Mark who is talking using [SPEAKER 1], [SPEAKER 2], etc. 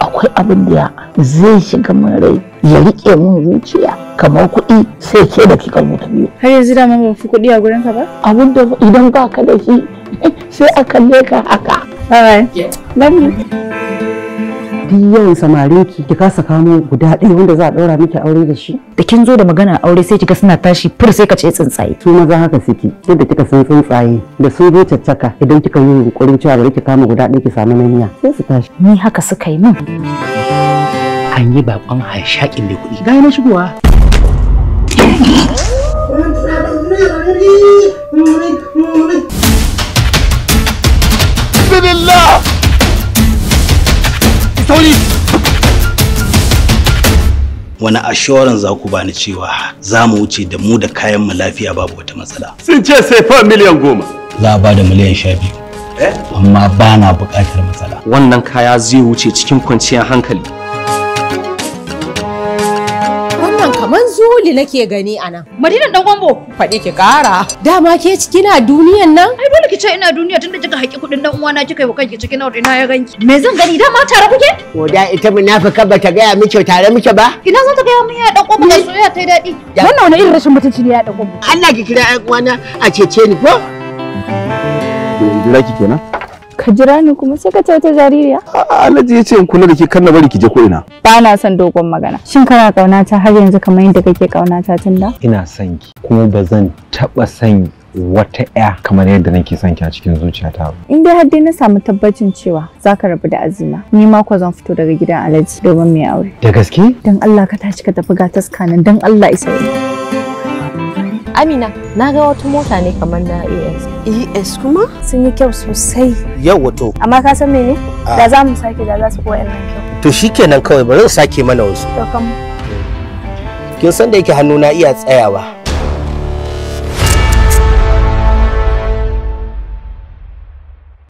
[SPEAKER 1] akwai abin da zai shiga min rai ya riƙe min zuciya kamar kuɗi sai ke da kika zo ta biyu har yanzu da ban fi kuɗi a gurin ka ba abin da idan ba ka da shi sai a leka ka haka love you duk yawan samarin ki ki kasa kamo guda ɗaya wanda za a ɗaura miki aure da shi da kin zo da magana aure sai kika suna tashi fur sai ka ce tsuntsaye su maza haka suke yadda kika san tsuntsaye da sun zo caccaka idan kika yi yunkurin cewa bari ki kama guda ɗaya ki samu manya sai su tashi ni haka suka yi min an yi bakon hanshakin mai kuɗi gaya na shigowa wani assurance za ku bani cewa za mu wuce da mu da kayan mu lafiya babu wata matsala sun ce sai fa miliyan goma za a ba da miliyan sha biyu eh? amma ba na buƙatar matsala wannan kaya zai wuce cikin kwanciyar hankali Kaman zuli nake gani a nan. Madina dan gombo. Faɗi ki ƙara. Dama ke kina duniyan nan? Ai dole ki ce ina duniya tunda kika haƙi kuɗin dan uwana kika yi wa kanki cikin aure ina ya ganki. Me zan gani dama tare kuke? Ko da ita munafika bata gaya miki tare muke ba? Ina zan ta gaya mun ya dan gombo ka soyayya ta yi daɗi. Wannan wani irin rashin mutunci ne ya dan gombo. Allah ki kira ƴan uwana a cece ni ko? Ki jira ki kenan. ka jira ni kuma sai ka tauta jaririya alhaji yace in kula da ke kan na bari ki je ko ina ba na son dogon magana shin kana kauna har yanzu kamar yadda kake kauna ta tun da ina son ki kuma ba zan taba son wata ya kamar yadda nake son ki a cikin zuciyata ba in dai har dai na samu tabbacin cewa zaka rabu da azima ni ma ko zan fito daga gidan alaji. domin mai aure da gaske dan Allah ka tashi ka tafi ga taskanin dan Allah isa Amina, na ga wata mota ne kamar na AS. ES kuma? Sun yi kyau sosai. Yau wato. Amma ka san mene? Ah. Da za mu sake da za su koya nan kyau. To shikenan kawai bari sake mana wasu. To Kin san da yake hannuna iya tsayawa.